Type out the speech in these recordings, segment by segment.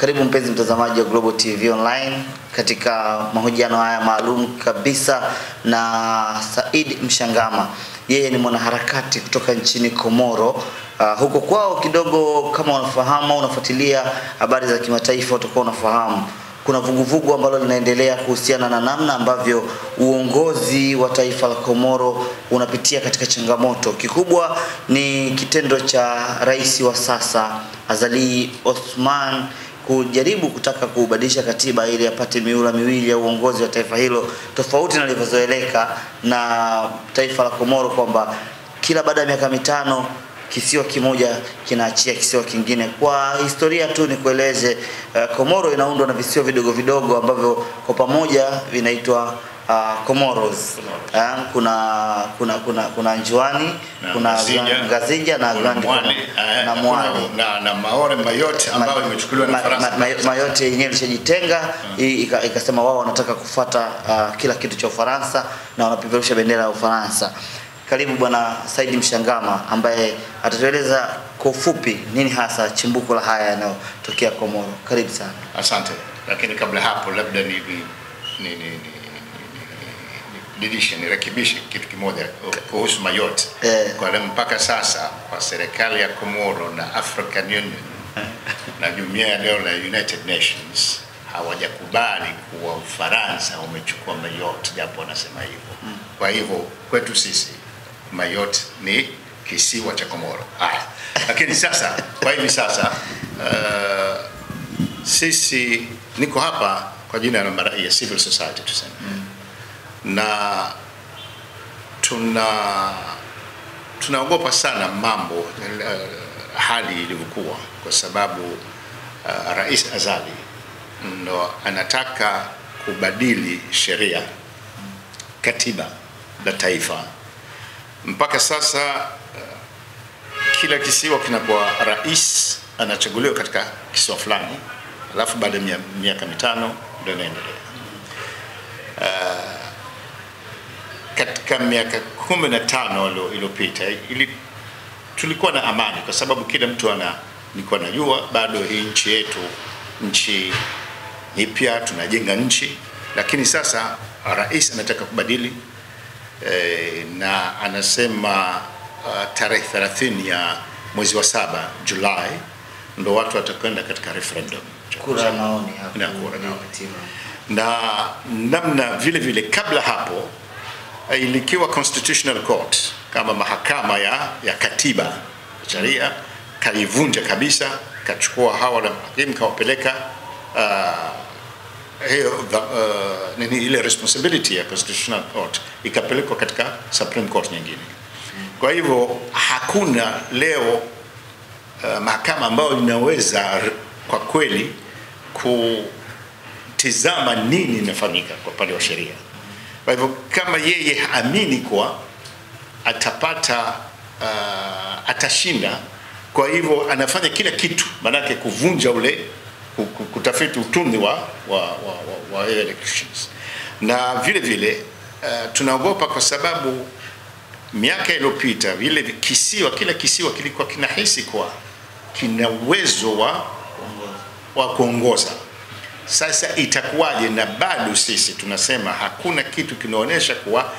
Karibu mpenzi mtazamaji wa Global TV Online katika mahojiano haya maalum kabisa na Said Mshangama. Yeye ni mwanaharakati kutoka nchini Komoro. Uh, huko kwao kidogo, kama unafahamu unafuatilia habari za kimataifa, utakuwa unafahamu kuna vuguvugu ambalo linaendelea kuhusiana na namna ambavyo uongozi wa taifa la Komoro unapitia katika changamoto. Kikubwa ni kitendo cha rais wa sasa Azali Osman kujaribu kutaka kubadilisha katiba ili apate miula miwili ya uongozi wa taifa hilo, tofauti na lilivyozoeleka na taifa la Komoro kwamba kila baada ya miaka mitano kisiwa kimoja kinaachia kisiwa kingine. Kwa historia tu ni uh, eh, Komoro inaundwa na visiwa vidogo vidogo ambavyo kwa pamoja vinaitwa uh, Comoros. Uh, kuna kuna kuna kuna Njuani, na kuna Ngazija, na Grand Mwani, ah, na Mwani na, na Maore Mayote ambayo imechukuliwa na Faransa. Ma, ma, yote yenyewe ilishajitenga hmm. ikasema wao wanataka kufuata uh, kila kitu cha Ufaransa na wanapeperusha bendera ya Ufaransa. Karibu Bwana Saidi Mshangama ambaye atatueleza kwa ufupi nini hasa chimbuko la haya yanayotokea Komoro. Karibu sana. Asante. Lakini kabla hapo labda ni, ni, ni, ni didishe nirekebishe kitu kimoja kuhusu Mayotte eh. Kwa mpaka sasa kwa serikali ya Komoro na African Union na jumuiya ya leo la United Nations hawajakubali kuwa Ufaransa umechukua Mayotte japo wanasema hivyo mm. Kwa hivyo kwetu sisi Mayotte ni kisiwa cha Komoro. lakini sasa kwa hivi sasa uh, sisi niko hapa kwa jina la ya civil society tuseme mm na tuna tunaogopa sana mambo uh, hali ilivyokuwa, kwa sababu uh, Rais Azali ndo anataka kubadili sheria katiba la taifa. Mpaka sasa uh, kila kisiwa kinakuwa rais anachaguliwa katika kisiwa fulani, alafu baada ya miaka mitano ndo inaendelea uh, katika miaka kumi na tano iliyopita ili tulikuwa na amani, kwa sababu kila mtu ana nilikuwa najua bado hii nchi yetu nchi mpya, tunajenga nchi, lakini sasa rais anataka kubadili e, na anasema uh, tarehe 30 ya mwezi wa saba Julai ndo watu watakwenda katika referendum kura maoni hapo na na namna vile vile kabla hapo Eh, ilikiwa Constitutional Court kama mahakama ya, ya katiba sharia, kalivunja kabisa, kachukua hawa na mahakimu kawapeleka uh, hiyo uh, nini ile responsibility ya Constitutional Court ikapelekwa katika Supreme Court nyingine. Kwa hivyo hakuna leo uh, mahakama ambayo inaweza kwa kweli kutizama nini inafanyika kwa upande wa sheria. Kwa hivyo kama yeye haamini kwa atapata uh, atashinda, kwa hivyo anafanya kila kitu maanake kuvunja ule kutafiti utundi wa, wa, wa, wa, wa elections na vile vile uh, tunaogopa kwa sababu miaka iliyopita vile kisiwa kila kisiwa kilikuwa kinahisi kwa kina uwezo wa, wa kuongoza sasa itakuwaje? Na bado sisi tunasema hakuna kitu kinaonyesha kuwa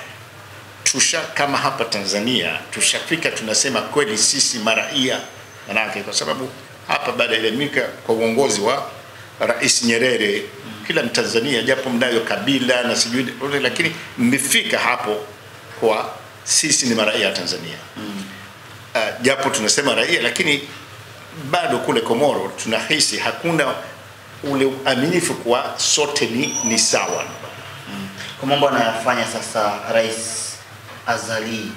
tusha kama hapa Tanzania tushafika, tunasema kweli sisi maraia, manake kwa sababu hapa baada ya mika kwa uongozi wa Rais Nyerere kila Mtanzania japo mnayo kabila na sijui, lakini mmefika hapo kwa sisi ni maraia Tanzania mm. Uh, japo tunasema raia, lakini bado kule Komoro tunahisi hakuna ule uaminifu kuwa sote ni, ni sawa mm. kwa mambo anayofanya sasa rais azali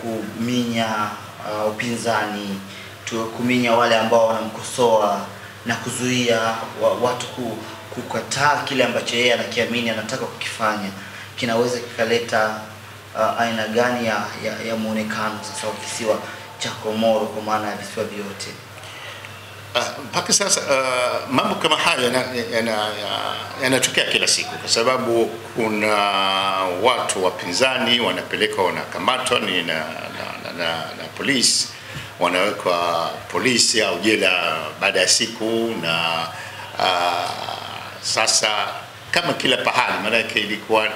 kuminya ku, uh, upinzani kuminya wale ambao wanamkosoa na kuzuia wa, watu ku, kukataa kile ambacho yeye anakiamini anataka kukifanya kinaweza kikaleta uh, aina gani ya, ya, ya mwonekano sasa wa kisiwa cha Komoro kwa maana ya visiwa vyote Ah, mpaka sasa uh, mambo kama haya yanatokea yana, yana, yana kila siku, kwa sababu kuna watu wapinzani wanapelekwa wanakamatwa ni na, na, na, na, na polisi wanawekwa polisi au jela baada ya siku na uh, sasa kama kila pahali, maanake ilikuwa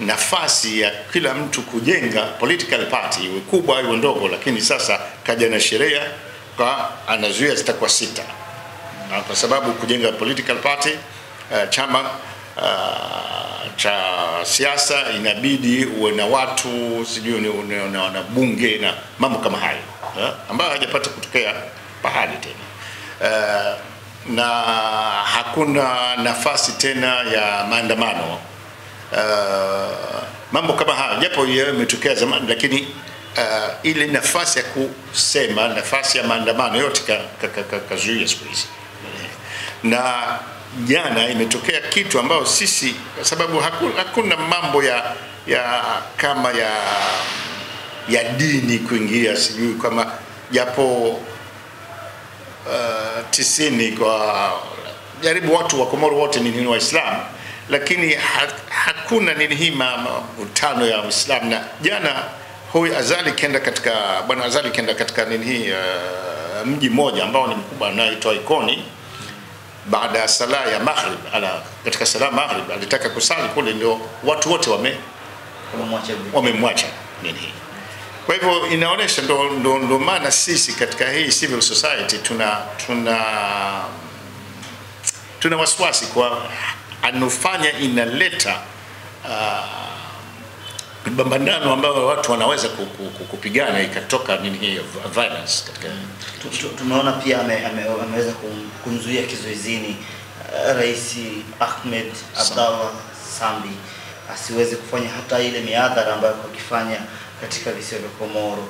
nafasi ya kila mtu kujenga political party iwe kubwa iwe ndogo, lakini sasa kaja na sheria kwa anazuia zitakuwa sita, na kwa sababu kujenga political party uh, chama uh, cha siasa inabidi uwe na watu sijui na bunge na mambo kama hayo uh, ambayo hajapata kutokea pahali tena uh, na hakuna nafasi tena ya maandamano uh, mambo kama hayo, japo imetokea zamani lakini uh, ile nafasi ya kusema, nafasi ya maandamano yote kazuia siku hizi na jana imetokea kitu ambayo sisi kwa sababu hakuna, hakuna mambo ya, ya kama ya, ya dini kuingia, sijui kama japo uh, tisini kwa jaribu watu wa Komoro wote ni nini Waislamu, lakini ha, hakuna nini hii mvutano ya Uislamu na jana huyu Azali kenda katika bwana Azali kenda katika nini hii uh, mji mmoja ambao ni mkubwa unaoitwa Ikoni. Baada ya sala ya maghrib, ala katika sala maghrib alitaka kusali kule, ndio watu wote wame wamemwacha nini hii. Kwa hivyo inaonesha ndo, ndo, ndo maana sisi katika hii civil society tuna tuna tuna wasiwasi kwa anofanya inaleta uh, mbambandano ambayo watu wanaweza kupigana ikatoka nini hiyo violence katika. Tumeona pia ame, ame, ameweza kumzuia kizuizini eh, Rais Ahmed Abdallah Sambi asiweze kufanya hata ile miadhara ambayo akifanya katika visiwa vya Komoro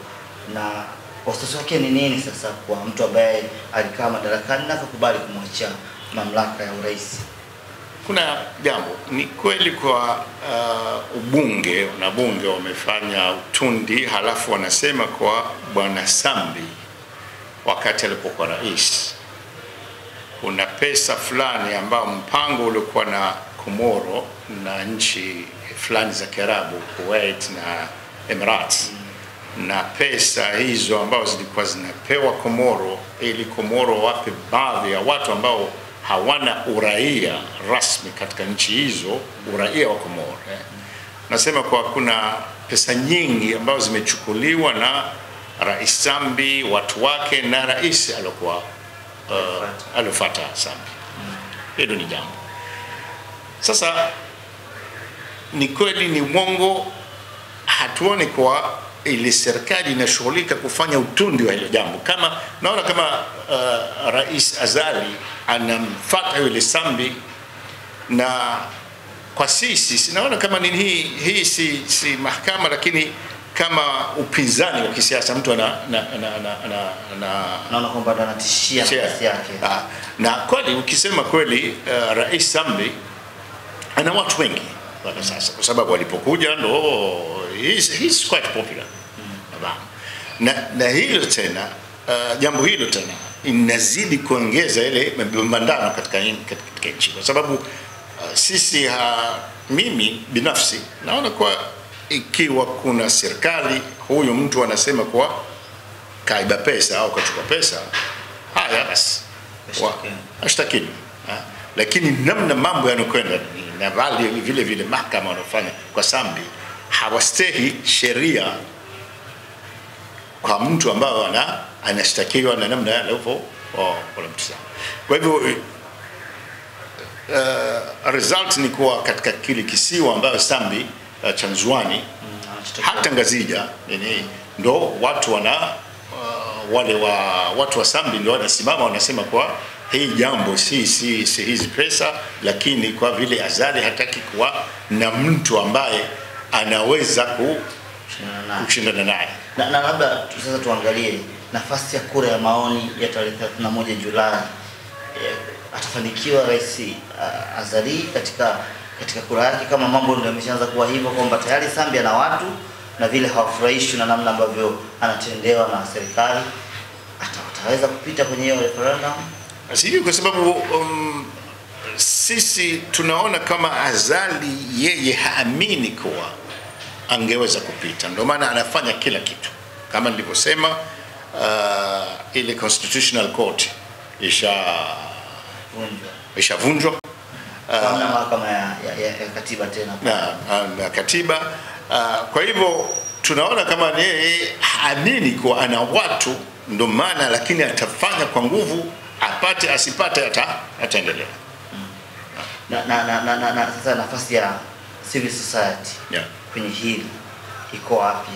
na wasiwasi wake ni nini sasa kwa mtu ambaye alikaa madarakani na akakubali kumwachia mamlaka ya urais? Kuna jambo ni kweli kwa uh, ubunge bunge wamefanya utundi, halafu wanasema kwa bwana Sambi wakati alipokuwa rais, kuna pesa fulani ambayo mpango uliokuwa na Komoro na nchi fulani za Kiarabu, Kuwait na Emirates mm. na pesa hizo ambazo zilikuwa zinapewa Komoro ili Komoro wape baadhi ya watu ambao hawana uraia rasmi katika nchi hizo, uraia wa Komoro. Eh. Nasema kwa kuna pesa nyingi ambazo zimechukuliwa na Rais Sambi, watu wake na rais aliokuwa uh, aliofata Sambi. Hilo ni jambo sasa, ni kweli ni mwongo, hatuoni kwa ili serikali inashughulika kufanya utundi wa hilo jambo. Kama naona kama uh, Rais Azali anamfata yule Sambi na kwa sisi sinaona kama nini hii, hii si, si mahakama lakini kama upinzani wa kisiasa mtu ana na na na na naona kwamba anatishia nafsi yake. Ah, na kweli ukisema kweli uh, Rais Sambi ana watu wengi mpaka sasa, kwa sababu alipokuja ndo oh, he's, he's quite popular na, na hilo tena uh, jambo hilo tena inazidi kuongeza ile mbandano katika, katika nchi kwa sababu uh, sisi ha, uh, mimi binafsi naona kwa ikiwa kuna serikali, huyu mtu anasema kuwa kaiba pesa au kachukua pesa, haya basi ashtakini. Lakini namna mambo yanakwenda na vile vile mahakama wanafanya kwa Sambi, hawastehi sheria kwa mtu ambayo ana anashtakiwa na namna alivyo wanamtizama. Oh, kwa hivyo uh, result ni kuwa katika kile kisiwa ambayo Sambi uh, eh, Chanzuani mm, hata Ngazija nini ndo watu wana uh, wale wa watu wa Sambi ndio wanasimama wanasema kwa hii jambo si si si hizi pesa, lakini kwa vile Azali hataki kuwa na mtu ambaye anaweza kushindana naye na, na labda sasa tuangalie nafasi ya kura ya maoni ya tarehe 31 Julai eh, atafanikiwa Rais uh, Azali katika katika kura yake, kama mambo ndio yameshaanza kuwa hivyo kwamba tayari Zambia na watu na vile hawafurahishwi na namna ambavyo anatendewa na serikali, ataweza kupita kwenye hiyo referendum? Sijui kwa sababu um, sisi tunaona kama Azali yeye haamini kuwa angeweza kupita. Ndio maana anafanya kila kitu kama nilivyosema. Uh, ile constitutional court isha ishavunjwa mahakama ya katiba tena na katiba. Uh, kwa hivyo tunaona kama yeye amini kwa ana watu, ndio maana lakini atafanya kwa nguvu, apate asipate, ata ataendelea mm. na na na na sasa nafasi ya civil society yeah kwenye hili iko wapi,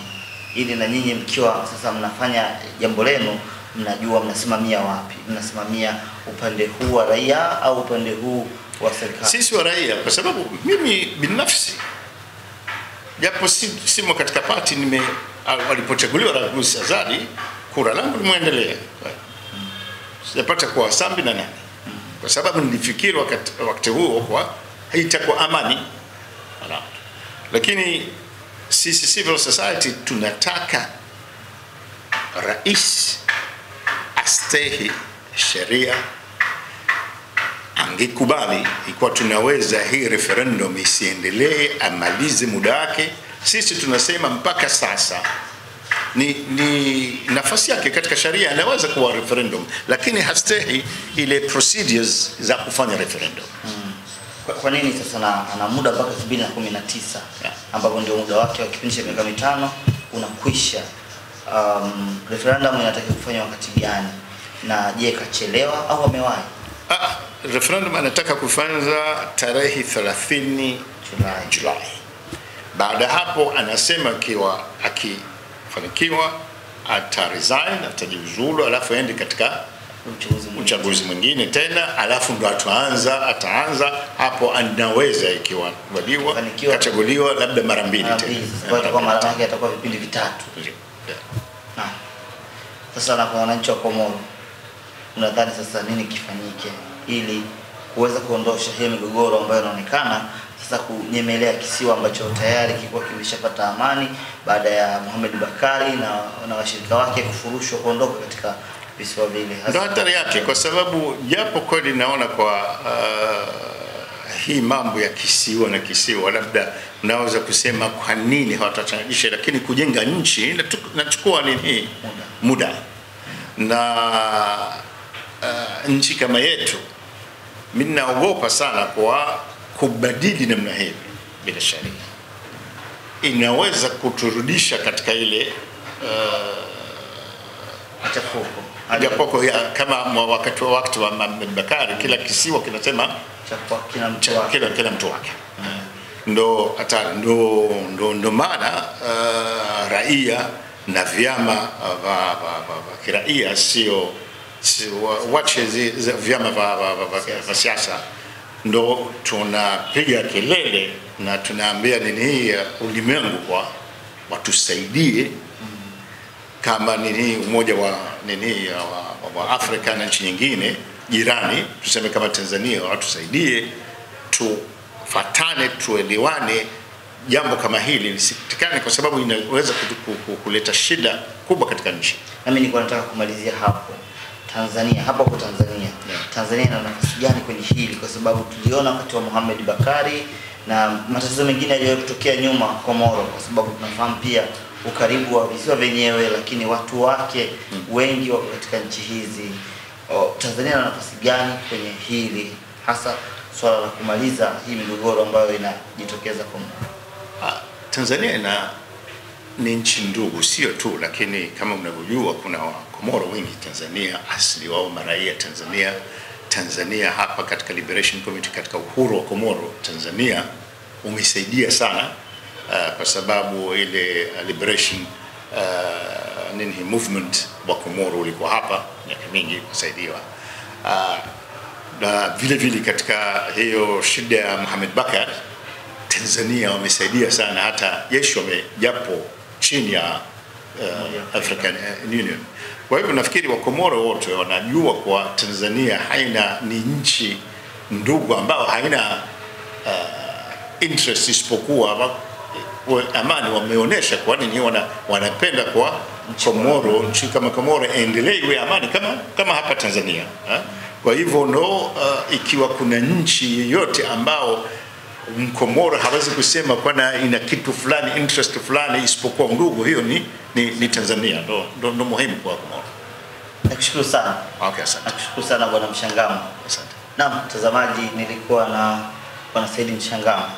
ili na nyinyi mkiwa sasa mnafanya jambo lenu mnajua mnasimamia wapi, mnasimamia upande huu wa raia au upande huu wa serikali? Sisi wa raia, kwa sababu mimi binafsi japo simo katika pati, nime alipochaguliwa Ragusi Azadi, kura langu limeendelea, sijapata kuwa wasambi na nani, kwa sababu nilifikiri wakati, wakati huo kwa haitakuwa amani lakini sisi civil society tunataka rais astehi sheria angekubali ikiwa tunaweza hii referendum isiendelee, amalize muda wake. Sisi tunasema mpaka sasa ni, ni nafasi yake katika sheria, anaweza kuwa referendum, lakini hastehi ile procedures za kufanya referendum hmm. Kwa, kwa nini sasa na, na muda mpaka 2019 yeah. ambapo ndio muda wake wa kipindi cha miaka mitano unakwisha. Um, referendum inatakiwa kufanywa wakati gani, na je, kachelewa au amewahi? Ah, referendum anataka kufanza tarehe 30 Julai. Julai. Baada hapo anasema akiwa akifanikiwa ata resign atajiuzulu, alafu aende katika uchaguzi, mwingine tena, alafu ndo atuanza ataanza hapo, anaweza ikiwa kubaliwa kachaguliwa labda mara mbili tena, kwa mara atakuwa vipindi vitatu. Sasa na kwa wananchi wa Komoro, unadhani sasa nini kifanyike ili kuweza kuondosha hiyo migogoro ambayo inaonekana sasa kunyemelea kisiwa ambacho tayari kilikuwa kimeshapata amani baada ya Mohamed Bakari na, na washirika wake kufurushwa kuondoka katika visiwa vile hasa ndio hatari yake, kwa sababu japo kweli naona kwa uh, hii mambo ya kisiwa na kisiwa, labda naweza kusema kwa nini hawatachangisha, lakini kujenga nchi nachukua nini muda, muda. na uh, nchi kama yetu mi naogopa sana kwa kubadili namna hivi bila sharia inaweza kuturudisha katika ile uh, machafuko ajapoko ya kama wakati wa wakati wa Mbakari, kila kisiwa kinasema kila kila mtu wake ndo hata ndo, ndo, ndo maana uh, raia na vyama vya kiraia sio wache vyama vya siasa ndo tunapiga kelele na tunaambia nini hii ulimwengu kwa watusaidie mm. kama nini umoja wa nini wa, wa Afrika na nchi nyingine jirani, tuseme kama Tanzania, watusaidie tufatane, tuelewane, jambo kama hili lisikitikane, kwa sababu inaweza kuleta shida kubwa katika nchi. Nami nilikuwa nataka kumalizia hapo Tanzania, hapa kwa Tanzania yeah. Tanzania ina nafasi gani kwenye hili? Kwa sababu tuliona wakati wa Mohamed Bakari na matatizo mengine yaliyotokea kutokea nyuma Komoro, kwa sababu tunafahamu pia ukaribu wa visiwa vyenyewe, lakini watu wake hmm. wengi wako katika nchi hizi. Tanzania ina nafasi gani kwenye hili hasa swala la kumaliza hii migogoro ambayo inajitokeza kwa ah, Tanzania ina ni nchi ndugu, sio tu lakini, kama mnavyojua, kuna Wakomoro wengi Tanzania, asili wao maraia Tanzania. Tanzania hapa katika Liberation Committee, katika uhuru wa Komoro, Tanzania umesaidia sana Uh, kwa sababu ile uh, liberation uh, nini movement wa Komoro ulikuwa hapa miaka mingi kusaidiwa uh, na vile vile katika hiyo shida ya Mohamed Bakar Tanzania wamesaidia sana, hata jeshi wamejapo chini ya uh, African uh, Union. Kwa hivyo nafikiri Wakomoro wote wanajua kwa Tanzania haina ni nchi ndugu ambao haina uh, interest isipokuwa amani wameonesha, kwani ni wana, wanapenda kwa Komoro, nchi kama Komoro endelee iwe amani kama, kama hapa Tanzania ha? Kwa hivyo no, uh, ikiwa kuna nchi yeyote ambao Mkomoro hawezi kusema kwana ina kitu fulani interest fulani isipokuwa ndugu, hiyo ni, ni, ni Tanzania, ndo, ndo, ndo muhimu kwa Komoro. Nakushukuru sana. Okay, asante. Nakushukuru sana Bwana Mshangama. Asante. Naam, mtazamaji, nilikuwa na Bwana Said Mshangama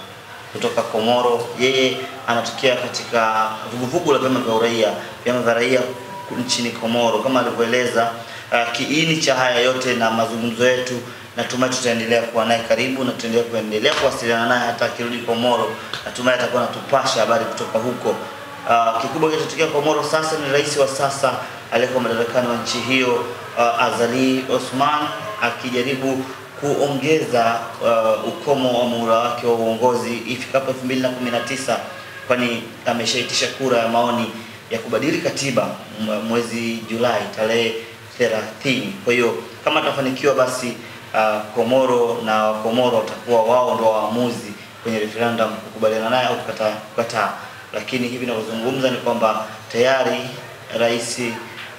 kutoka Komoro. Yeye anatokea katika vuguvugu la vyama vya uraia, vyama vya raia nchini Komoro, kama alivyoeleza uh, kiini cha haya yote na mazungumzo yetu. Natumai tutaendelea kuwa naye karibu na tutaendelea kuendelea kuwasiliana naye hata akirudi Komoro, natumai atakuwa anatupasha habari kutoka huko. Uh, kikubwa kinachotokea Komoro sasa ni rais wa sasa aliyekuwa madarakani wa nchi hiyo uh, Azali Osman akijaribu kuongeza uh, ukomo wa muhula wake wa uongozi ifikapo 2019 kwani ameshaitisha kura ya maoni ya kubadili katiba mwezi Julai tarehe 30. Kwa hiyo kama atafanikiwa, basi uh, Komoro na Wakomoro watakuwa wao ndio waamuzi kwenye referendum kukubaliana naye au kukataa kukataa. Lakini hivi ninavyozungumza ni kwamba tayari rais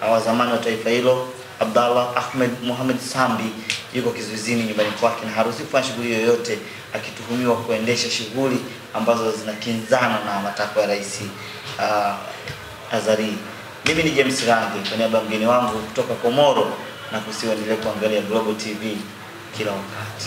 uh, wa zamani wa taifa hilo Abdallah Ahmed Mohamed Sambi yuko kizuizini nyumbani kwake na haruhusiwi kufanya shughuli yoyote, akituhumiwa kuendesha shughuli ambazo zinakinzana na matakwa ya Rais uh, Azari. Mimi ni James Rangi kwa niaba ya mgeni wangu kutoka Komoro, na kusiendelee kuangalia Global TV kila wakati.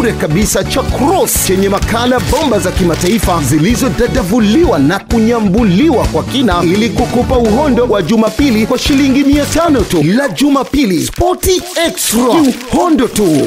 bure kabisa cha Cross chenye makala bomba za kimataifa zilizodadavuliwa na kunyambuliwa kwa kina ili kukupa uhondo wa Jumapili kwa shilingi mia tu. La Jumapili, Sporty extra, kiuhondo tu.